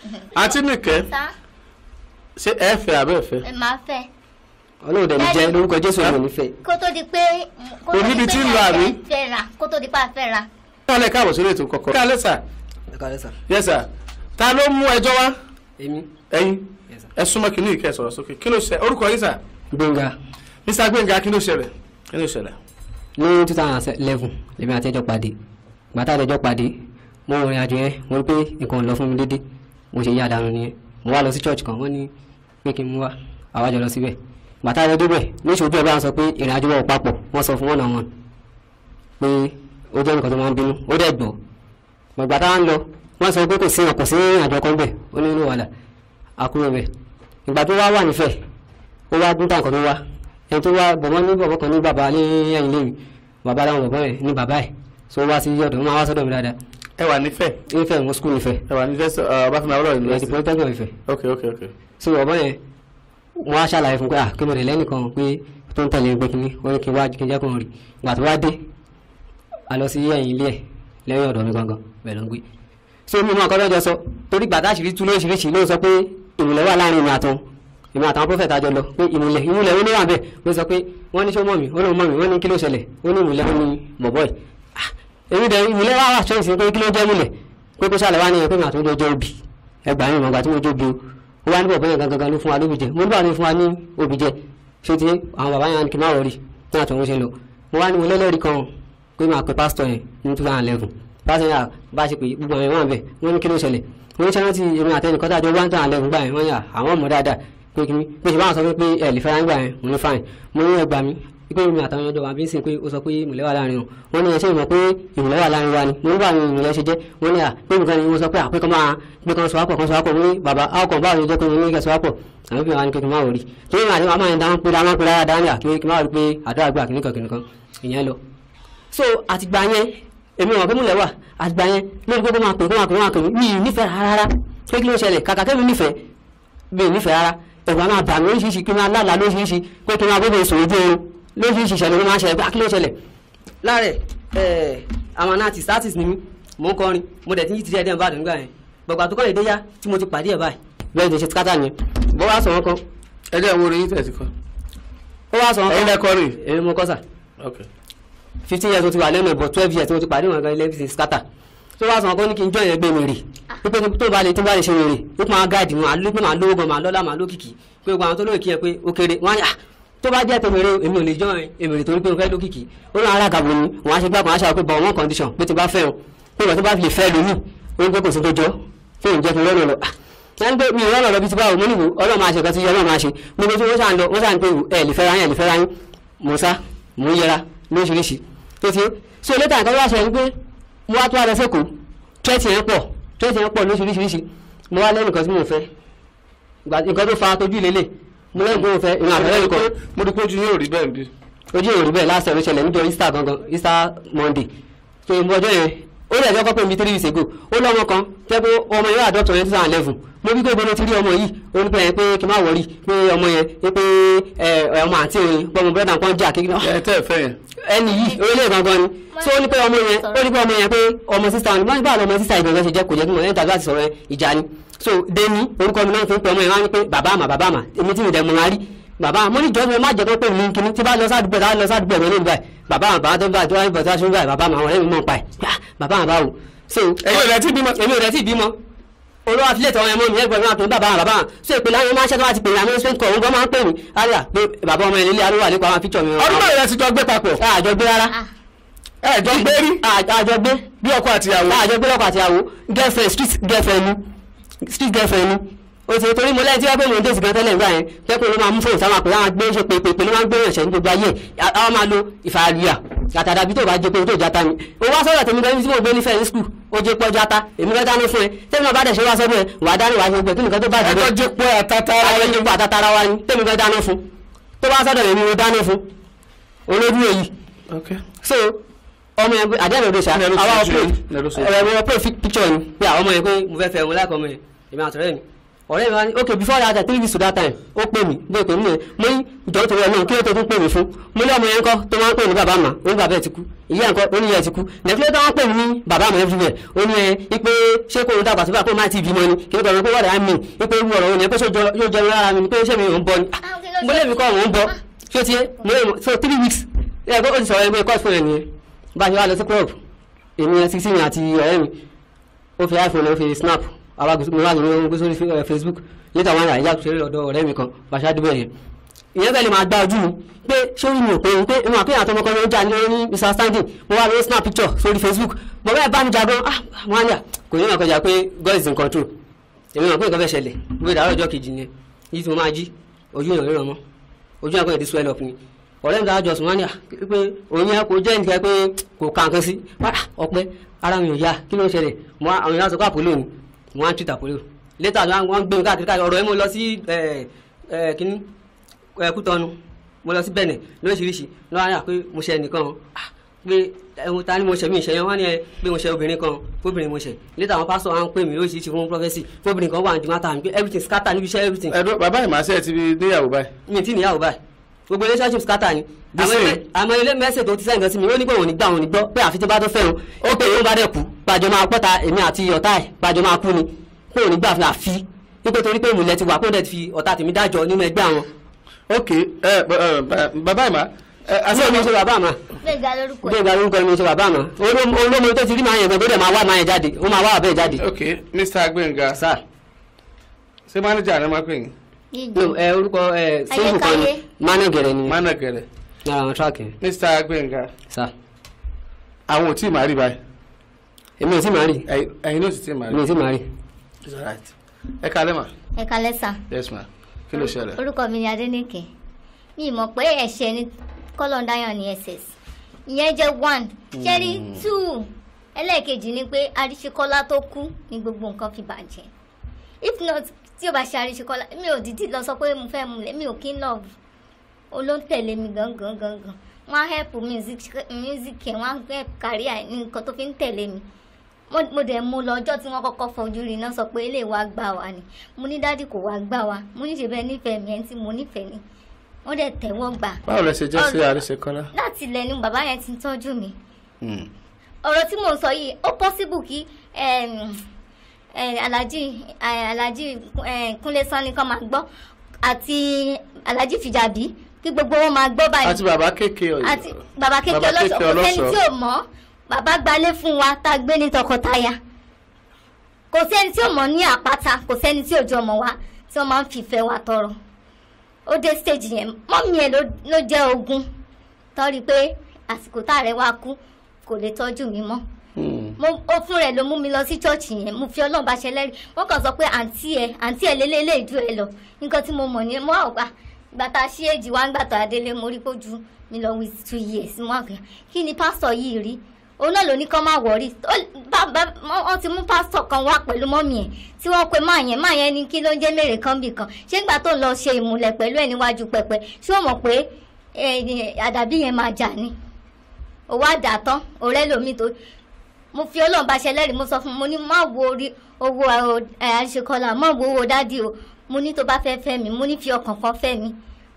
àǹtí nìkẹ́ ṣé ẹ fẹ́ abẹ́ fẹ́. ẹ máa fẹ́. ọlọ́run dẹ̀ ní jẹ́ lórúkọ jésù ọmọ mi fẹ́. kó tó di pé kó tó di pé àfẹ́ fẹ́ ra kó tó di pé àfẹ́ ra. ẹ kálẹ̀ káàbọ̀ sórí ètò kọ̀ọ̀kan. kálẹ̀ sà. kálẹ̀ sà. yẹ sà ta ló mú ẹjọ́ wá. èmi. ẹ̀yin ẹ súnmọ́ kínní ìkẹ́ sọ̀rọ̀ sókè kí ló ṣe orúkọ yín sà. gbẹ̀ngà. mr gbẹ̀ngà kí ló ṣẹlẹ̀ kí ló ṣẹlẹ̀. ní two thousand and eleven lèmi àti ẹjọ́ pàdé gbàtà àjọjọ́ pàdé mo rìn àjò yẹn mo rí pé nǹkan ò lọ fún mi déédéé mo ṣe yá dànù nìyẹn mo wá lọ sí church kan wọ́n ní pé kí n mú wá àwájọ lọ síbẹ̀ bàtà rẹ débẹ̀ níṣòjú ẹ̀ bá ń sọ pé ìrìn àjò wọn ò papọ̀ wọ́n sọ fún wọn náà wọn pé ó jẹ́ nǹkan tó máa ń bínú ó dẹ̀ gbọ́ gbàgbà tá à ń lọ wọ́n sọ pé kò sí ọkọ̀ sí àjọ kan bẹ̀ ó ní inú wàhálà àkúrò bẹ̀ ìgbà tó wá wà nífẹ̀ ó wá gún tàǹkan tó wá ẹni tó wá bọ̀bọ́ ní bọ̀bọ́ kan ní bàbá ní ẹ̀yìn lẹ́yìn ẹ wà nífẹ̀. nífẹ̀ ń sukùl nífẹ̀. ẹ wà nífẹ̀ sọ ọba fún mi àwòrán ìlú. ẹ̀sìn pọ́ńtẹ́gàn ìfẹ́. ok ok ok. so ọmọ yẹn wọn á ṣàlàyé fún pé à ah, kí mo rè lẹ́nìkan pé tó ń tẹ̀lé pé kínní wọn ní kí n wá kí n jẹ́ kó n rì ìgbà tó wá dé a lọ sí ẹ̀yìn ilé ẹ̀ lẹ́yìn ọ̀dọ̀ mi gangan bẹ́ẹ̀ ló ń gbé. so mi mọ ọkọlọ́jọ sọ torí gbà tá èmi dẹ̀ ìmìlẹ̀ wà wà ṣọ́ọ̀ṣì pé kí ló jẹ́ ìmìlẹ̀ pé kó sàlẹ̀ wá ní ẹgbẹ́ màtó jọjọ́ òbí ẹgbà mi ìmọ̀gbà tí mo jó bi ó wá níbọ̀ bẹ́ẹ̀ gangan ló fún wa lóbi jẹ mo níbà ló fún wa ní òbí jẹ ṣé ti àwọn bàbá yẹn kì má rọrí náà tó ń ṣe lọ mo wá ní mo lẹ́lẹ́rìí kan pé màá pe pásítọ̀ yẹn ní two thousand eleven pásítọ̀ yẹn bá ṣe pé gbogbo àwọn ẹ̀wọ̀n bẹ̀ wọ́n ní kí ló ṣẹlẹ̀ mo ní ṣáná ti èmi àtẹnìkọ́ tá a jọ one thousand eleven gbà yẹn wọ́n yà àwọn ọmọ dáadáa pé kí ni pé ṣe báwọn sọ pé ẹ̀ lè fẹ́ràn pé èmi àtàwọn ọjọ́ wa bí sìn pé ó sọ pé ìmùlẹ̀ wà láàrin wọn wọ́n ní ẹṣẹ́ ìmọ̀ pé ìmùlẹ̀ wà láàrin wa ni mo ń bá àwọn ìmùlẹ̀ ṣe jẹ́ wọ́n ní à pé nǹkan ni wọ́n sọ pé àpé kan máa pé kan sọ́wọ́pọ̀ kan sọ́wọ́pọ̀ mo ní bàbá àwọkọ̀ bá àwọn ìjọ pé mo ní kẹ́ sọ́wọ́pọ̀ àwọn obìnrin wa ni kékeré máa wò rí torí màá ní wàá máa ń dáhùn pé dáhùn pé dáhùn dáhùn kí kí máa rí pé àdó àgbà kìnnìkan kìnnìkan ìyẹn lọ. so àtìgbà yẹn èmi wọn pé múlẹ̀ wà àtìgbà yẹn lórí pé kó máa pè kó máa pè kó máa pè mí nífẹ̀ẹ́ rárá pé kí ló ṣẹlẹ̀ kàkà kẹ́mi nífẹ̀ẹ́ mi nífẹ̀ẹ́ rárá ẹ̀rù àwọn àbàmì lóṣìṣì ìṣẹ̀lẹ̀ ló máa ń ṣẹlẹ̀ pé akíló ah, ṣẹlẹ̀ láàrẹ̀ amana náà ti status ni mí mò ń kọrin mo dẹ̀ ti yí ti díẹ̀ díẹ̀ bá àdúgbò yẹn gbọ̀gbà tó kọ́lé déyà tí mo ti pàdé ẹ̀ báyìí bẹ́ẹ̀ ni ṣe kátà ni bó wá sọ̀rọ̀ kan. ẹ jẹ́ ìwé orin yín tẹ̀sí kan. ó wá sọ̀rọ̀ kan ẹ̀yin lẹ́kọ́ rìn. èmi mo kọ́ sà. fifteen years mo ti wà lẹ́nu ẹ̀bọ̀ twelve years mo ti pàdé wọn gan ilé ti skata tó wá sọ̀rọ̀ kan ní kí n jọ yẹn gbé mi rì wípé tó bá lè tó bá lè ṣe mi rì wípé máa gáàdì máa lówó gan máa lọ́lá máa lókìkí pé gbogbo àwọn tó lóòkì yẹn pé ó kéré wọ́n á ní ah, tó bá jẹ́ tèmèrè èmi ò lè jọ èmèrè torí pé o fẹ́ lókìkí ó náà alágàbò ni wọ́n á ṣe gbàgbọ́n aṣáájú pé bọ̀ wọ́n condition pé tó bá fẹ́ o pé ìgbà tó bá fi lè fẹ́ lómi ó ń pẹ́ kò sí tó jọ pé òun jẹ́ tó lọ́nà lọ. wọ́n gbé mi lọ́nà lọ bí ti báwo mo níwò ọlọ́run máa ṣe nǹkan tí ọlọ́run máa ṣe mo gbé tí wọ́n ṣàn lọ wọ́n ṣàn pé ẹ lè fẹ́ra fẹ́ mo lẹ́gbọ́n fẹ́ ìrìn àbẹ̀rẹ̀ nìkan. mo rí i pé ojú yóò rí bẹ́ẹ̀ bí. ojú yóò rí bẹ́ẹ̀ lásán ló ṣẹlẹ̀ níjọ́ Easter gangan Easter Monday so mo ọjọ́ yẹn ó lè jọ́ kọ́pẹ́ mi three weeks ago ó lọ́mọ kan tẹ́ pé ọmọ yẹn wà dọ́tọ̀ yẹn two thousand eleven mo bí pé ìbọn ti rí ọmọ yìí ó ní pé pé kí n má wọrí pé ọmọ yẹn pé ọmọ àti òun pọmọ bírọ̀dà kan jà kékeré. ẹ tẹ́ ẹ fẹ́ yẹn. ẹni yìí orílẹ̀ gangan ni so ó ní pé ọmọ yẹn ó ní pé ọmọ yẹn pé ọmọ sísá ni báyìí báyìí ọmọ sísá ìgbọ̀ngàn ṣe jẹ́ kò jẹ́ kí wọ́n ẹ̀ tàbí àti sọ̀rọ̀ ìjà ni so deni orúkọ mi náà fi ń pè ọmọ yẹn wá ní pé bàbá àmà bàbá mo ní jọ́sọ̀ má jẹ́ tó pé mi kìíní tí bá lọ sádùúgbò tá lọ sádùúgbò mi nígbà bàbá àwọn bàbá tó ń bá tó wáyé bọ̀tá ṣúgbà bàbá àwọn ọ̀rẹ́ mi mọ̀ pa ẹ̀ bàbá àwọn báwo. so èmi ò rẹ̀ tí bímọ èmi ò rẹ̀ tí bímọ olówó àfilẹ̀ tọ́wọ́ ẹ̀mọ́ mi ẹ̀gbọ́n mi àpè bàbá àwọn bàbá so èpè láwọn máa ń ṣẹ́tọ́ àti pè láwọn ṣe ń kọ̀ òun gan máa ń pè mí àríyá pé bàbá ọmọ ẹ̀lẹ́lẹ́ arúgbó àlékún àwọn fíjọ mi. ọdún mẹ́rin ti jọ gbé papọ̀. àjọ gbé rárá. àjọ gbé rí. àjọ gbé. bí ọkọ àtìyàwó. àjọ gbé ọkọ àtìyàwó girlfriend street girlfriend mu street girlfriend mu o ti torí mo lẹ́yìn tí wọ́n pè mí ní dèsì gan tẹ́lẹ̀ nígbà yẹn pé pé ló máa mú fóònù sáwọn àpè àwọn agbé ṣe pèpè pé ló máa ń gbé ìrànṣẹ́ ní gbogbo ayé àwọn máa lo ìfàlùyà àtàdà bí tó bá jẹ pé tó jata ni o wá sọ̀rọ̀ tèmi gan ibi tí mo gbé ní fẹ́ẹ́ ní skul o jẹ pọ́ jata èmi gan dáná fún ẹ tèmi náà bá dẹ̀ ṣe wá sọ́dún ẹ wà á dáná wà á ṣe gbẹ kí nìkan tó bá jẹ bẹ́ẹ̀. ẹ tó jẹ pọ́ àtàtàrà wa ni àtàtàrà wa ni tèmi gan dáná fún tó wá sọ́dọ̀ èmi mo dáná fún olójú èyí. so ọmọ yẹn àdé àná ló ṣá àwa ọpẹ ẹ̀rọ mi ọpẹ picture ni pé àwọn ọmọ yẹn pé mo fẹ́ fẹ́ wọn láìkọ́ ọmọ yẹn èmi àtọ̀rẹ́ mi ọ̀rẹ́ mi wá ní ok before that three weeks to that time ó pè mí bó pè mí nìyẹn mo ní ìjọ tó wọ náà kí ló tó tún pè mí fún mo ní ọmọ yẹn ńkọ́ tó máa ń pè ní bàbá àmà ó ní bàbá ẹ̀ ti kú ìyá ńkọ́ ó ní ìyá ẹ̀ ti kú nẹ̀kí ló tó wọ́n pè mí ní bàbá àmà everywhere ó ní ẹ ipe ṣé kò ń dàgbà tó bá kó máa ti bímọ ni kí ló kọ̀ pé wọ́n rà mí ipe irú ọ̀rọ̀ òní ẹ pé yóò jẹ lára mi ni pé ṣé mi ò ń bọ ni ah, mo lè mi kọ́ òun bọ ṣé o ti yẹ mo lè so three weeks ẹ ó ti sọ̀rọ̀ ẹgbẹ́ course fún ẹ nìyẹn bá a ṣe wá lọ sí club èmi ẹ sixteen àti ọ̀rẹ́ mi ó fi iphone ó fi snap àwa mìíràn ló ń gbé sórí eh, facebook níta wọn àyíká ṣeré ọ̀dọ̀ ọ̀rẹ́ mi kan bàṣá dúbẹ̀ yẹn ìyẹn bẹ́ẹ̀ lè máa gba ojú mi pé ṣé orí mi ò pé pé ìwọ̀n àpéyàn àtọmọ kan ló ń jà ní misunderstanding mo wá lórí snap picture sórí facebook mo bẹ́ẹ̀ bá mi jà ah mo á ní à kò ní ìrànkọjà pé god is in control èmi mọ̀ pé nǹkan fẹ́ ṣẹlẹ̀ gbé dàrọ́ ọjọ́ kejì ni yìí tí mo máa jí ojú ìràn ríran mọ́ ojú àgbọ̀n ìdí swell up ni ọ̀rẹ́ mi dára jọ̀sùn wá ní à pé òun yẹn kò jẹ́ nìkan pé kò ka nǹkan sí ah, ọpẹ́ ara mi ò yá kí ló ń ṣẹlẹ̀ mo àwọn ìyá sọ pé àpò lónìí wọ́n á twitter pẹ̀lú later ni wọ́n gbé mi káàkiri káàkiri ọ̀rọ̀ yẹn mo lọ sí kínní kútọ́nu mo lọ sí bẹ̀nẹ̀ lóríṣiríṣi lọ́wọ́ àyà pé mo ṣe ẹnìkan ah, pé ẹ̀hún ta ni mo ṣe mí ìṣẹ̀yàn wọ́n ní ẹ pé mo ṣe obìnrin kan fóbìnrin mo ṣe later àwọn pásítọ̀ wa ń pè mí lóríṣiríṣi fún prọfẹ́sì fóbìnrin kan wà ní jùmọ̀ ta ni pé everything scatter níbi iṣẹ́ everything. ẹ̀dùn bàbá ìmọ̀ àṣẹ ti níyàwó báyìí. mi ti níyàwó báyìí gbogbo relationship scatter ni àmọ́ ilé mẹ́sẹ̀ tó ti sẹ́yìn gan sí mi ó ní pé òun ní gbà òun ní gbọ́ pé àfi tí bá tó fẹ́ràn ó pé òun bá dẹ̀ kú gbàjọ máa pọ́ta èmi àti ọ̀tá ẹ̀ gbàjọ máa kú ni pé òun ní gbà fún àfi wípé torí pé ìmùlẹ̀ ti wà kó dẹ̀ fi ọ̀tá tèmi dájọ́ nínú ẹgbẹ́ àwọn. ok bàbá ìmá àṣẹ ọmọ ṣe bàbá àmà gbẹ̀gbà lórúkọ ẹni ṣe bàbá àmà olómo tó ti rí máa yẹn Eh, eh, ẹ orúkọ ẹ sẹ́yìn kan mánàgẹ̀rẹ̀ ni. mánàgẹ̀rẹ̀. lára àwọn tíráàkì. mr gbẹ̀ngà. sà. àwọn ò tí ì máa rí báyìí. èmi ò tí ì máa rí. ẹ̀yin náà sì tí ì máa rí. mi ò tí ì máa rí. it's alright. ẹ kalẹ́ ma. ẹ kalẹ́ sà. yes ma kí ló ṣẹlẹ̀. orúkọ mi ni adẹ́nìkẹ́ mi mọ̀ pé ẹ̀ṣẹ̀ ni kọ́lọ́ndáyàn ni ss ìyẹn jẹ́ one ṣẹ́rí hmm. two ẹlẹ́ẹ̀kejì ni pé adíṣekọ́lá tó kú ni gbogbo nǹkan fi bàjẹ́ if not tí o bá ṣe àríṣekọ́lá mi ò dídí lọ sọ pé mo fẹ́ mu lé mi ò kí ń lọ olóńtẹ̀lé mi gangan gangan wọ́n á help music ẹ̀ wọ́n á help career ní nǹkan tó fi ń tẹ̀lé mi mo dẹ̀ mú lọ ọjọ́ tí wọ́n kọ́kọ́ fojú rí náà sọ pé ilé wa gbà wá ni mo ní dádì kò wá gbà wá mo ní ṣèbẹ́ nífẹ̀ẹ́ mi ẹni tí mo nífẹ̀ẹ́ ni wọ́n dẹ̀ tẹ̀wọ́ gbà. báwo lẹ ṣe jẹ́ sí àríṣekọ́lá. láti ilẹ̀ ni bàbá yẹn ti ń tọ́jú mi. Hmm. ọ̀rọ̀ tí mo ń sọ yìí ó possible kí alhaji alhaji kúnlé sanni kan máa gbọ́ àti alhaji fìjàbí kí gbogbo wọn máa gbọ́ báyìí. àti bàbá kéèké ọlọ́sọ̀ baba bàbá kéèké ọlọ́sọ̀ kò sẹ́ni tí ò mọ̀ bàbá gbalé fún wa tá a gbé ní tọkọtaya kò sẹ́ni tí ò mọ̀ ní àpáta kò sẹ́ni tí ò jọ mọ̀ wá tí wọ́n máa ń fìfẹ́ wa tọrọ ó dé stage yẹn mọ́mí ẹ̀ ló jẹ́ ogun torí pé àsìkò tá a rẹ̀ wá kú kò lè tọ́jú mi mọ́ ó fún rẹ̀ ló mú mi lọ sí chọ́ọ̀chì yẹn mo fi ọlọ́run bá ṣe lẹ́rìí wọ́n kàn sọ pé àǹtí ẹ àǹtí ẹ lélẹ́ lè dú ẹ lọ nǹkan tí mo mọ̀ ní mọ́ àwògbà gbàtà sí èjì wá ń gbàtà adélé mo rí kó ju mi lọ with two years mo àgbà kí ni pásítọ̀ yìí rí òun náà ló ní kán má wọrí wọ́n ti mú pásítọ̀ kan wá pẹ̀lú mọ́mì ẹ̀ tí wọ́n pe máa yẹn máa yẹn ní kí ló ń jẹ́ mèrè kan bì kan ṣé ìgbà tó ń lọ ṣe ìmúlẹ̀ pẹ̀lú ẹ̀ níwájú pẹpẹ ṣé o mọ̀ pé àdàbí yẹn máa jà ni òwò àdàtán ọ̀rẹ́ lomi tó mo fi ọlọ́run bá ṣe lẹ́rìí mo sọ fún un mo ní má wo orí owó àṣekọlà má wo owó dádì o mo ní tó bá fẹ́ fẹ́ mi mo ní fi ọkàn kan fẹ́ mi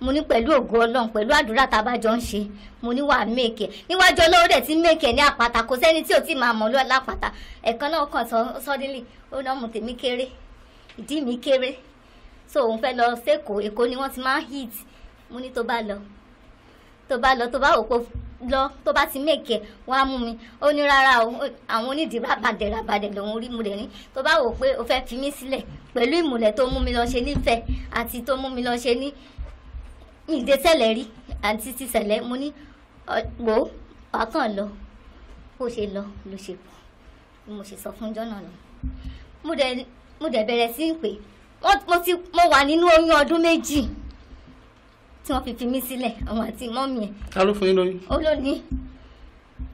mo ní pẹ̀lú ògo ọlọ́run pẹ̀lú àdúrà tá a bá jọ ń ṣe mo ní wà mẹ́ẹ̀kẹ́ e. níwájú ọlọ́run dẹ̀ ti mẹ́ẹ̀kẹ́ e ní àpáta kò sẹ́ni tí ò tí máa mọ̀ lọ́ọ́ lápáta ẹ̀kan náà kàn sọ́dínlì ó náà mú tèmi kéré ìdí mi kéré so òun fẹ́ lọ sẹ́kọ̀ọ́ èkó ni wọ́n ti máa ń hit mo ní tó bá lọ tó bá lọ tó bá wò pé lọ tó bá ti mèkè wọn á mú mi ó ní rárá o àwọn onídìí rábàdẹ rábàdẹ lòun rí múlẹ̀ ní tó bá wò pé o fẹ́ fi mí sílẹ̀ pẹ̀lú ìmùlẹ̀ tó mú mi lọ ṣe nífẹ̀ẹ́ àti tó mú mi lọ ṣe ní ìdésẹ̀lẹ̀ rí àti tìṣẹ̀lẹ̀ mo ní wò ó wàá lọ bó ṣe lọ ló ṣe pọ̀ mo ṣe sọ fún jọ́nà lọ mo dẹ̀ bẹ̀rẹ̀ sí ń mo wà nínú oyún ọdún méjì tí wọ́n fi fi mí sílẹ̀ àwọn àti mọ́mì ẹ̀. ta ló fún yín lóyún. ó ló ní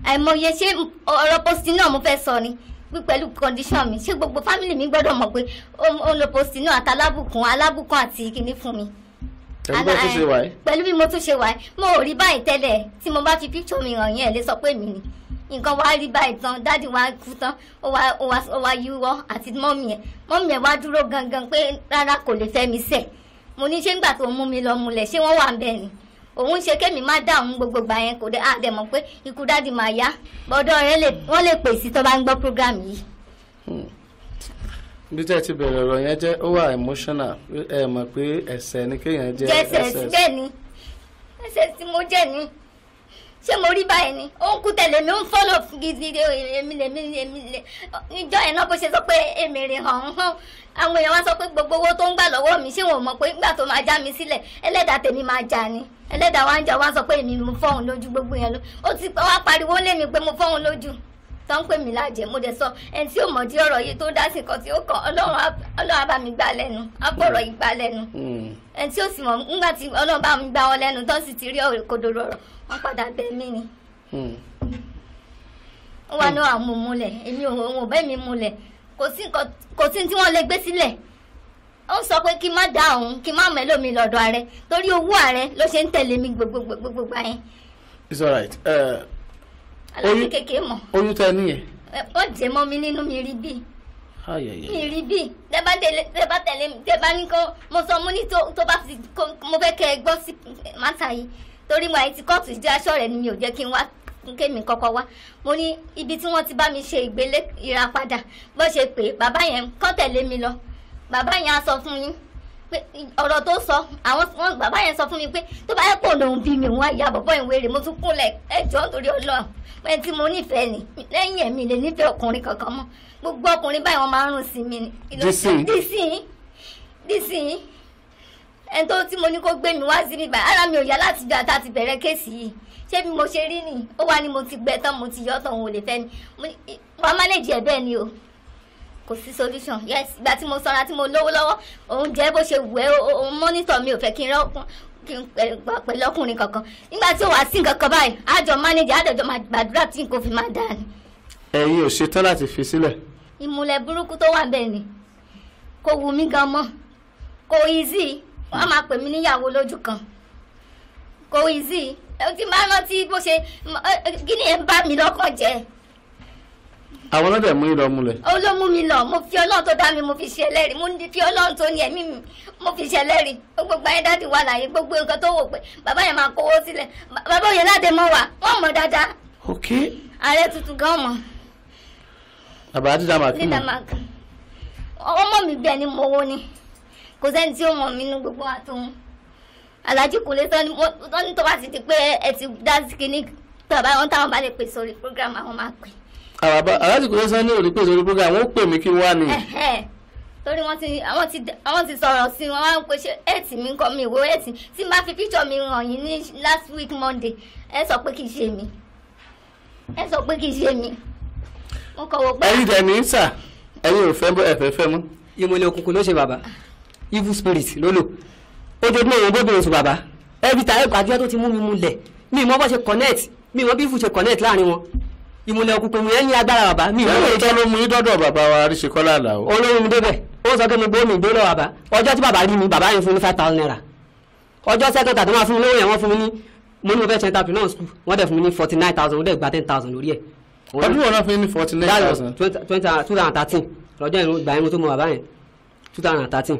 àìmọye ṣé ọ̀rọ̀ pósí náà mo fẹ́ sọ ni pẹ̀lú condition mi ṣé gbogbo family mi gbọ́dọ̀ mọ̀ pé ó lo pósí náà àti alábùkún alábùkún àti kìíní fún mi pẹ̀lú bí mo tún ṣe wà ẹ́ mo ò rí báyìí tẹ́lẹ̀ tí mo bá fi picture mi hàn yín ẹ̀ lè sọ pé mi ni nǹkan wá rí báyìí tán dáàdì wá kú tán ó wá ó wá yíwọ́ àti mọ́mì ẹ̀ wá dúró gangan pé rárá kò lè fẹ́ mi sẹ́ẹ̀ mo ní ṣé ńgbà tó mú mi lọ mulẹ̀ ṣé wọ́n wà ń bẹ̀ ni òun ṣe kémi má dá òun gbogbo gbà yẹn kò dé àdẹ mọ̀ pé ikú dáàdì máa yá bọ́dọ̀ rẹ wọ́n lè pè sí tó bá ń gbọ́ program yìí. Hmm. bí tẹ́ ti bẹ̀rẹ̀ ọ̀rọ̀ yẹn jẹ́ ó wà emotional ẹ mọ̀ pé ẹ̀ṣẹ̀ ni kéèyàn jẹ́ ẹ̀ṣẹ̀ sí bẹ́ẹ̀ ni ẹ̀ṣẹ̀ tí mo jẹ́ ni ṣé mo rí báyìí ni ó kú tẹ̀lé mi ń fọ́lọ̀ gidi èmi lèmi èmi lè ìjọ ẹ̀ náà bó ṣe sọ pé èmi rè hàn án hàn àwọn èèyàn wá sọ pé gbogbo owó tó ń gbà lọ́wọ́ mi ṣé wọn mọ̀ pé nígbà tó máa já mi sílẹ̀ ẹlẹ́dàá tèmi máa jà ni ẹlẹ́dàá wá ń jà wá sọ pé èmi mo fọ́hùn lójú gbogbo yẹn ló ó ti wá pariwo lé mi pé mo fọ́hùn lójú. tó ń pè mí láàjẹ́ mo dẹ̀ sọ ẹni tí ó mọ̀ di ọ̀rọ̀ yìí tó dá sí nǹkan tí ó kọ̀ hmm. ọlọ́run bá mi gbà lẹ́nu á yìí gbà tí ó sì nígbà tí bá mi gbà wọn tó sì ti rí ọ̀rẹ́ kodoro ọ̀rọ̀ wọ́n padà bẹ mí ni. Hmm. ó wá ní àwọn èmi ò bẹ́ẹ̀ mi kò sí tí wọ́n lè gbé sílẹ̀ ó sọ pé kí má da òun alábí kékeré mọ̀. oyún tẹ níyẹn. ó jẹ mọ́ mi nínú mi rí bí mi rí bí tẹ́bá tẹ̀lé mi tẹ́bá ní kó mo sọ mo ní tó bá fi mo fẹ́ kẹ́ ẹ gbọ́ sí mátà yìí torí mo àìtí kóòtù jẹ́ aṣọ rẹ̀ ni mi ò jẹ́ kí n wá kémi kọ́kọ́ wá mo ní ibi tí wọ́n ti bá mi ṣe ìgbélé ìrapadà bó ṣe pé bàbá yẹn kọ́ tẹ̀lé mi lọ bàbá yẹn á sọ fún yín pé ọ̀rọ̀ tó sọ àwọn wọn bàbá yẹn sọ fún mi pé tó bá yẹ kó lòun bí mi wọn àyà bọ̀bọ̀ ìwé rẹ̀ mo tún kúnlẹ̀ ẹjọ́ nítorí ọlọ́run pé tí mo nífẹ̀ẹ́ ni lẹ́yìn ẹ̀mí lè nífẹ̀ẹ́ ọkùnrin kankan mọ́ gbogbo ọkùnrin báyìí wọ́n máa ń rún sí mi ni. dísìn dísìn ẹni tó tí mo ní kó gbé mi wá sí mi báyìí ara mi ò yá láti bí ata ti bẹ̀rẹ̀ kéèsì yìí ṣé bí mo ṣe rí nìyí ó wá ní mo ti gbẹ tán mo ti yọ tán òun ò lè fẹ́ mi wọ́n má lè jẹ́ bẹ́ẹ̀ ni o kò sí solution yes ìgbà tí mo sanra tí mo lówó lọ́wọ́ òun jẹ́ bó ṣe wù ẹ́ òun mọ́nítọ̀ mi ò fẹ́ kí n rọ́pọ́n kí n pẹ̀lú ọkùnrin kankan nígbà tí ò wá sí nǹkan kan báyìí àjọ mánéjà àdọ̀jọ́ máa gbàdúrà tí n kò fi máa dà ní. ẹ̀yin ò ṣetán láti fi sílẹ̀. ìmùlẹ̀ burúkú tó wà bẹ́ẹ̀ ni kò wù mí gan mọ́ kò easy wọ́n máa pè mí níyàwó lójú kan kò easy tí máa rántí bó ṣe kí ni ẹ bá mi lọ́kàn jẹ́ àwọn ọlọ́dẹ mú irọ́ múlẹ̀. ó ló mi lọ mo fi ọlọ́run tó dá mi mo fi ṣe ẹlẹ́rìí mo fi ọlọ́run tó ní ẹ̀mí mi mo fi ṣe ẹlẹ́rìí gbogbo ayé dáàdì wà láàyè gbogbo nǹkan tó wò pé bàbá yẹn máa kówó sílẹ̀ bàbá òye láde mọ́ wa wọ́n mọ̀ dáadáa. ok. ààrẹ tuntun gan mọ̀. bàbá dídá máa kí mọ. ọmọ mi bẹ́ẹ̀ ni mo wo ni kò sẹ́ni tí ó mọ̀ mí nínú gbogbo àtòun alájú kò lè sọ ní tó bá ti di pé ẹ ti dá sí kinní tàbá wọn táwọn bá lè àràbà alásìkò tó sàn ní òrí pé ìtòrí program wọn pè mí kí wá ni. torí wọn ti àwọn ti àwọn ti sọ̀rọ̀ sí wọn wá ń pe ṣe eight mi kọ mi ìwé eight tí n bá fi picture mi hàn yín ní last week monday ẹ sọ pé kì í ṣe mi ẹ sọ pé kì í ṣe mi mo kọ̀ wò pé. ẹ̀yin dẹ̀ ní sà ẹ̀yin ò fẹ́ bọ́ ẹ̀fẹ́ fẹ́ mọ́. ìmọ̀lẹ̀ òkùnkùn ló ṣe bàbá evil spirit ló lò ojoojúmọ́ ìwọ̀n bóbìnrin sùn bàbá ẹbí ta ẹ̀kọ́ àjọ tó ti mú mi mulẹ̀ mi ìmọ̀ bọ́ ṣe connect mi ìmọ̀ bí ìfù ṣe connect láàrin wọn ìmùlẹ̀ òkùnkùn yẹn ní agbára bàbá mi. ẹ̀rọ tó ló mú yín dọ́dọ̀ bàbá wa Àríṣekọ́lá Àlàó. olórí mi débẹ̀ ó sọ pé mi gbóhùn ìgbélọ̀ bàbá ọjọ́ tí bàbá rí mi bàbá yẹn fún mi five thousand naira ọjọ́ second tàbí wọn fún mi lówó yẹn wọ́n fún mi ní mo ní mo fẹ́ ṣe entrepreneur school wọ́n dẹ̀ fún mi ní forty nine thousand ó dẹ̀ gba ten thousand lórí ẹ̀. ọdún wọn fún mi ní forty nine thousand. twenty two thousand thirteen lọ́jọ́ ìgbà yẹn tó mọ bàbá two thousand thirteen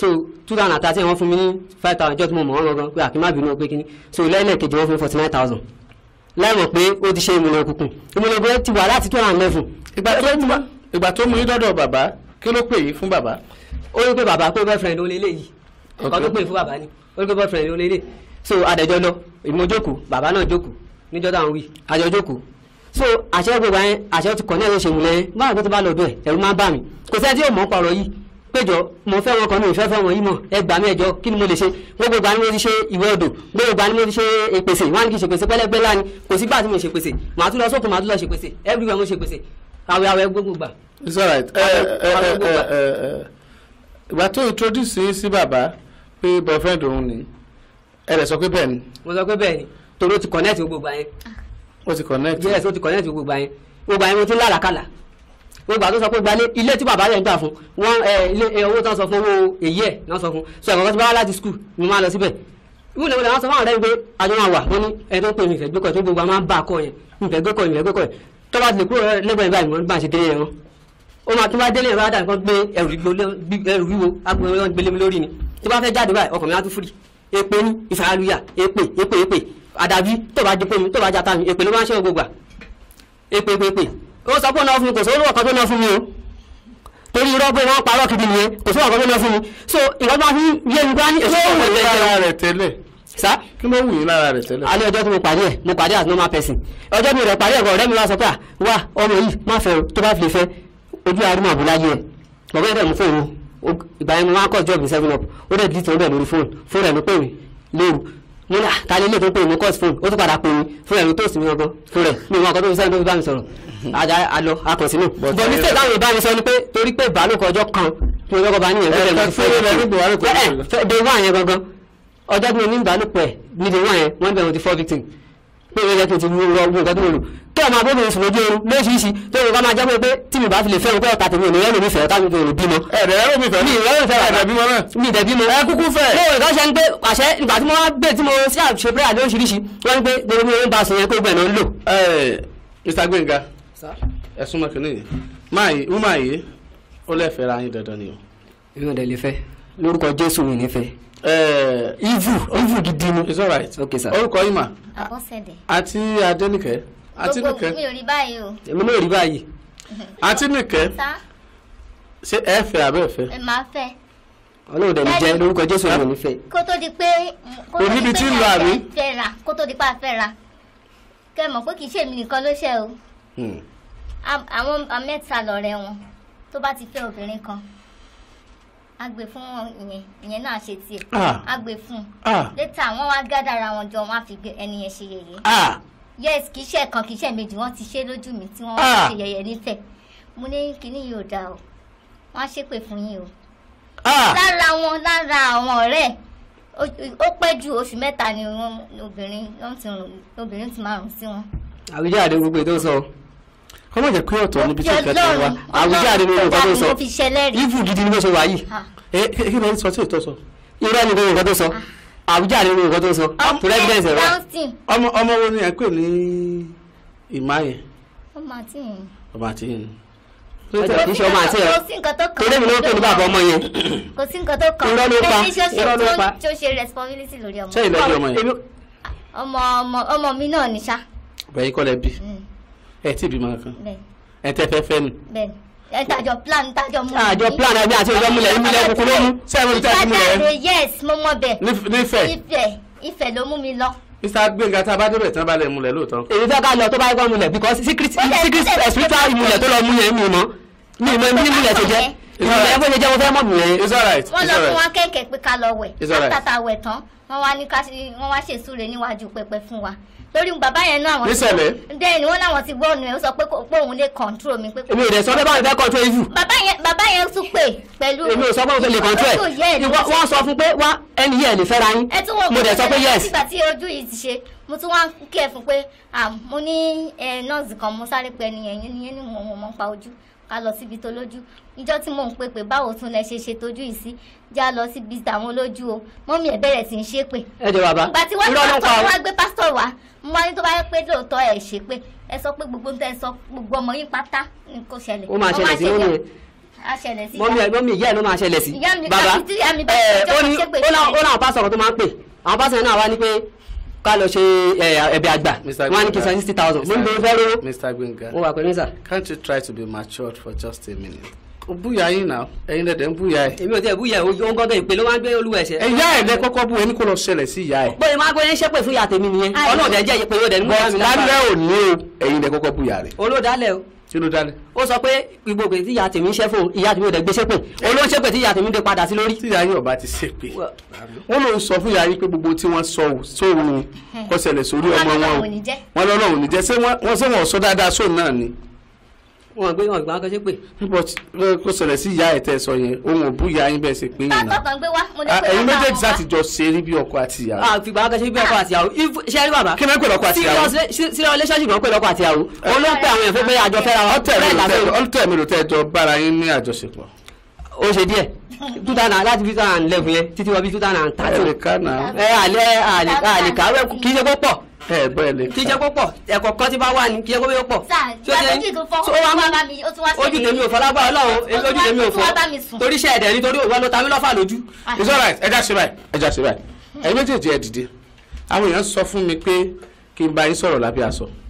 so two thousand thirteen wọ́n fún mi ní five thousand jọ́ọ́ tí mo mọ̀ ọ́n gangan pé àkíńmábìnú ah, pé so lẹ́yìn lẹ́ẹ̀kejì wọ́n fún mi forty nine thousand lẹ́rù pé ó ti ṣe ìmùlẹ̀ òkùnkùn ìmùlẹ̀ òkùnkùn ti wà láti two and eleven. ìgbà tó mú yín dọ́dọ̀ bàbá kí ló pè yín fún bàbá. ó ní pé bàbá pé boyfriend olè lè yìí nǹkan tó pè fún bàbá ni ó ní pé boyfriend olè lè so adẹjọ lọ ìmọ̀ jókòó bàbá náà jókòó níjọ́ táwọn wí àjọ jókòó so àṣẹ gbogbo àyẹn àṣẹ ti kọ̀ ní ẹ̀rọ ìṣèwọ̀n lẹ́yìn báwọn tó bá lọ bẹ́ẹ̀ ẹ̀rù máa bà mí kò sẹ́ni tí yóò mọ̀ ọ́ pàrọ̀ yìí péjọ mo fẹ́ wọn kan mi ìfẹ́ fẹ́ wọn yìí mọ̀ ẹ gbà mí ẹjọ́ kí ni mo lè ṣe gbogbo ìgbà mo ti ṣe ìwé odò gbogbo ìgbà mo ti ṣe èpèsè wọn ni kì í ṣèpèsè pẹ́lẹ́pẹ́ láni kò sí gbà tí mo ṣèpèsè màá tún lọ sókun màá tún lọ ṣèpèsè everywhere mo ṣèpèsè àwẹ̀ àwẹ̀ gbogbo gbà. it's alright eh, eh, eh, ìgbà tó introduce yín sí bàbá pé boyfriend òun ni ẹ rẹ̀ sọ pé bẹ́ẹ̀ ni. mo sọ pé bẹ́ẹ̀ ni torí ó ti connect gbogbo gbà yẹn. ti connect. yes ó ti connect gbogbo gbà yẹn gbogbo gbà yẹn mo ti ń lálàkàlà gbogbo àti sọ pé gbalé ilé tí bàbá rẹ̀ ń gbà fún wọn ilé owó tán sọ fún owó èyí ẹ̀ náà sọ fún so ẹ̀kọ́ tí bá wá láti skul mo máa lọ síbẹ̀ ìwúlẹ̀ wọlé àwọn sọ fún àwọn ọ̀rẹ́ wípé àjọ máa wà wọn ní ẹni tó ń pè mí ìfẹ́ gbẹ́kọ̀ tó gbogbo àwọn máa ń bá akọ yẹn ìfẹ́ gbẹ́kọ̀ ìfẹ́ gbẹ́kọ̀ yẹn tó bá ti lè kúrò lẹ́gbẹ̀ẹ́ báyìí wọ́n bá ṣe délé wọn ó máa tún bá délé ìwé àdá nǹkan gbé ẹrù wíwo agbóhùn wọn gbélé mi lórí ni tí bá fẹ́ jáde báyìí ọkàn mi á tún fúri èpè ní ìfàlùyà èpè èpè èpè àdàbí tó bá jẹ pé mi tó bá jata mi èpè ló máa ń ṣe gbogbo à èpè èpè èpè kó sọ pé ó náà fún mi kò sówó ọ̀kan tó náà fún mi o torí irọ́ pé wọ́n parọ́ kìdí nìyẹn kò sówó ọ̀kan tó náà fún mi so ìwọ́n bá fi yé mi bá ní èso tó wọlé ẹ̀jẹ̀ sá kí ló wù yín lára rẹ̀ tẹ́lẹ̀. alẹ́ ọjọ́ tí mo pàdé ẹ̀ mo pàdé as normal person ọjọ́ mi rẹ̀ pàdé ẹ̀kọ́ ọ̀rẹ́ mi wá sọ pé wà ọmọ yìí má fẹ́ tó bá fi lè fẹ́ ojú àrùn àbúláyé ẹ̀ bàbá yẹn tẹ̀ mú fóònù ìgbà yẹn mo máa kọ́ jọ́ọ̀bù seven up ó dẹ̀ dìtì ọ̀rẹ́ lórí fóònù fóònù ẹ̀ ló pè mí lóru mo là ta lé ilé tó pè mí kọ́ọ̀sì fóònù ó tún padà pè mí fóònù ẹ̀ ló tó sì mí ọgbọ́n fóònù ẹ̀ mi ò a lọ a kàn sínú bọ̀ ní sèta àwọn ìbámu sọ ni pé torí pé ìbálòpọ̀ ọjọ́ kan tí mo lọ́kọ̀ bá níyẹn fẹ́rẹ̀ mọ́ fẹ́rẹ̀ de wá yẹn gangan ọjọ́ tí mo ní ìbálòpọ̀ ẹ̀ ní de wá yẹn wọ́n bẹ̀rù ti four victim pé ìrẹ́jẹ tó ti wọ ogun nǹkan tó wọ̀ lò kí ọmọ abóbi oṣù lójú oorun lóṣìṣì tó wọ ká máa jábọ̀ pé tí mi bá fi lè fẹ́ òkú ọ̀tà tèmi ò ní rẹ́rù mi fẹ́ ọ̀tà mi ò bímọ. ẹ̀rẹ̀ rẹ́rù mi fẹ́ mi rẹ́rù fẹ́ ẹ̀rẹ̀ bímọ náà mi dẹ̀ ẹ kúkú fẹ́. lóòrè kan ṣe ń pé àṣẹ ìgbà tí mo wá gbé tí mo ṣe àṣepẹ́rẹ́ àlóṣìṣì wọ́n ń pé gbogbo mi ò ń ba sùn yẹn kó gbẹ̀ náà ń lò. Mr. Gbenga ẹ súnmọ́ kínní yìí máa yìí wúmà yìí ó lẹ́fẹ̀ẹ́ ra yín dandan ni o. inú ọ̀dẹ̀ lè fẹ́ lórúkọ jésù mi nífẹ̀ẹ́. ẹẹ ivu ivu gidi ni. it's alright okay sir. orúkọ yìí mà. àbọ̀sẹ̀dẹ̀. àti adẹ́nìkẹ́ àti nìkẹ́. gbogbo mi ò rí báyìí o. èmi náà ò rí báyìí. àti nìkẹ́ ṣé ẹ fẹ́ àbẹ́ ẹ fẹ́. ẹ máa fẹ́ ọlọ́run dẹ̀ ní jẹ́ lórúkọ jésù ọ̀rọ̀ mi fẹ́. kó tó di pé kó tó di pé àfẹ́ ra kó tó di pé àfẹ́ ra kẹ́ mọ̀ pé kì í ṣèmi nìkan ló ṣe o. Hmm. àwọn mẹ́ta lọ̀rẹ́ wọn tó bá ti fẹ́ obìnrin kan a gbé fún ìyẹn ìyẹn náà ṣe tiẹ̀ ah. a gbé fún un ah. létà wọn wá gádàrà wọn jọ wọn á fi ẹni yẹn ṣe yẹyẹ ah. yes kì í ṣe ẹ̀kan kì í ṣe méjì wọ́n ti ṣe lójú mi tí wọ́n wá ṣe yẹyẹ nífẹ̀ẹ́ mo ní kíní yìí ò dáa o wọ́n á ṣépè fún yín o lára wọn lára àwọn ọ̀rẹ́ ó pẹ́ ju oṣù mẹ́ta ni obìnrin ti máa rùn sí wọn. àwíjàre gbogbo ètò sọ wọ́n má jẹ́ pé ọ̀tọ̀ níbi tí ìfẹ́ tó wá Àwùjáre ni Yorùbá tó sọ ìfù gidi ni wọ́n sọ wáyì kí ló ń sọ tí ìtọ́ sọ ni Yorùbá tó sọ Àwùjáre ni Yorùbá tó sọ president rẹ ọmọ wo ni ẹ pè ní ìmá yẹn. ọmọ àti yẹn. ọmọ àti yẹn kì í ṣe ọmọ àti ẹ pè ní bàbá ọmọ yẹn. kò sí nǹkan tó kàn irọ́ ló pa tó ṣe responsibility lórí ọmọ. ọmọ mi náà ní sá. bẹ̀yìn kọ́lẹ̀ bí. Hmm ẹ tí ìbímọ kan ẹ tẹ fẹ fẹ ni. ẹ tàjọ plan tàjọ múlẹ. àjọ plan ẹbí àti ìjọ múlẹ ìmúlẹ kúkúrú ọmú sẹ́wọ̀n tẹ́ ìmúlẹ. ìfàjáde yes mo mọ bẹ. nífẹ̀ ìfẹ̀ ìfẹ̀ ló mú mi lọ. Mr. Gbénga tá a bá débẹ̀ tán bá lẹ̀ múlẹ̀ lóòótọ́. èyí fẹ́ ká lọ tó bá yẹ kó múlẹ̀ because secret spiritual ìmúlẹ̀ tó lọ mú yẹn mi mọ́ mi tó jẹ́ torí bàbá yẹn náà àwọn. nísẹ̀lẹ̀. ǹjẹ́ ni wọ́n láwọn ti gbọ́ ọ̀nà ẹ̀ ó sọ pé òun lè kọ̀ǹtúrò mi. èmi ò dẹ̀ sọ pé báwo ni fẹ́ kọ̀ǹtúrò yìí jù. bàbá yẹn bàbá yẹn tún pè pẹ̀lú. èmi ò sọ pé òun lè kọ̀ǹtúrò ẹ̀ wọ́n sọ fún pé wá ẹni yẹn lè fẹ́ra yín. ẹ tún wọ mo dẹ̀ sọ pé yes. nígbà tí ojú yìí ti ṣe mo tún wá kí ẹ fún pé mo ní nọ́ọ̀sì kan mo sáré pẹ́ nìyẹn ní mò ń pa ojú ká lọ síbi tó lójú ìjọ tí mò ń pè pé báwo tún lẹ ṣe ṣe tójú yìí sí já lọ síbi tàwọn lójú o mọ́mí ẹ̀ bẹ̀rẹ̀ sí í ṣe pé. ẹ jẹ bàbá ìgbà tí wọ́n pásítọ̀ wá gbé pásítọ̀ wá mo wá ní tó bá yẹ pé lóòótọ́ ẹ̀ ṣe pé ẹ sọ pé gbogbo nǹkan ẹ sọ gbogbo ọmọ yín pátá ni kò ṣẹlẹ̀. ó máa ṣẹlẹ̀ sí mọ́mí ẹ̀ mọ́mí mọ́mí ìyá ẹ̀ ló máa ṣẹlẹ̀ sí. bàbá ẹ̀ ó ní ó náà pásítọ̀ tó máa ń pè àwọn pásítọ̀ náà wá ní pé ká lọ ṣe ẹ̀bẹ̀ àgbà wọ́n ní sixty thousand mo ń bẹ fẹ́ lówó. Mr. Gbenga mo wà pẹ̀lú sà. can't you try to be matured for just a minute búyà yín náà ẹ̀yin lẹdẹ ń búyà ẹ. èmi ò tẹ búyà o ń gọdọ ìpè ló máa ń gbé olúwa ẹsẹ. ẹyà ẹ lẹ kọ́kọ́ bú ẹni kó lọ ṣẹlẹ̀ sí ìyá ẹ. bóyá máa gbóyè ń ṣépè fún ìyá tèmi nìyẹn ọlọ́ọ̀dẹ jẹ́ ìpè yóò dẹ̀ ń ìyá mi lápá. bọ́ọ̀sì sínú dálẹ̀. ó sọ pé gbogbo ògbè tí ìyá tèmi ń ṣe fún ìyá tèmi ò dẹ̀ gbé ṣépè olóṣèpè tí ìyá tèmi dé padà sí lórí. tí ìyá yín ti ṣépè wọn lòún sọ fún ìyá yín pé gbogbo tí wọn sọ sóhun kọsẹlẹ sórí ọmọ wọn o wọn lọ́lọ́run ò ní jẹ́ ṣé wọn sọ dáadáa sóhun náà ni wọn gbé wọn gbé wọn kẹsẹ pé. kó ṣẹlẹ̀ sí ìyá ẹ̀ tẹ́ sọ yẹn ohun òbú ìyá yín bẹ́ẹ̀ ṣe pé yìí náà. bàbá kan gbé wá mo ní pé wọn. ẹ̀yin méjèèjì sá ti jọ ṣe rí bí ọkọ àti ìyàwó. a fi gbàgbọ́ kẹsẹ bí ọkọ àti ìyàwó ṣe rí bàbá. kí ni wọ́n pè lọ́kọ àti ìyàwó. sílẹ̀ relationship wọn pè lọ́kọ àti ìyàwó. òun ló ń pè àwọn èèyàn fẹ́ pé àjọ fẹ́ra wọn. ọ̀tẹ̀ mi ló tẹ́ jọ bára yín ní àjọṣepọ̀. ó ṣe díẹ̀ two thousand láti two thousand eleven yẹn títí wọ bí two thousand thirteen. ẹ àlẹ́ àlẹ́ àlẹ́ kàwé ẹ gbọ́ ẹ lè. kí jẹ́ kó pọ̀ ẹ̀kọ́ kan tí bá wà ní kí jẹ́ kó bẹ́ẹ̀ pọ̀. sáà ìgbàlódé tó fọ́ ó wá bá mi ó tún wá sẹ́yìn. ojú tèmi ò fọ́ lágbára ọlọ́run ojú tèmi ò fọ́ torí iṣẹ́ ẹ̀dẹ̀ nítorí òwúrọ̀ ló ta mí lọ́fà lójú. Ah. it's all right ẹja ṣe báyìí ẹja ṣe báyìí hmm. ẹ̀yin méjèèjì ẹ dìde àwọn èèyàn sọ fún mi pé kí n bá yín sọ̀rọ̀ lábẹ́ aṣọ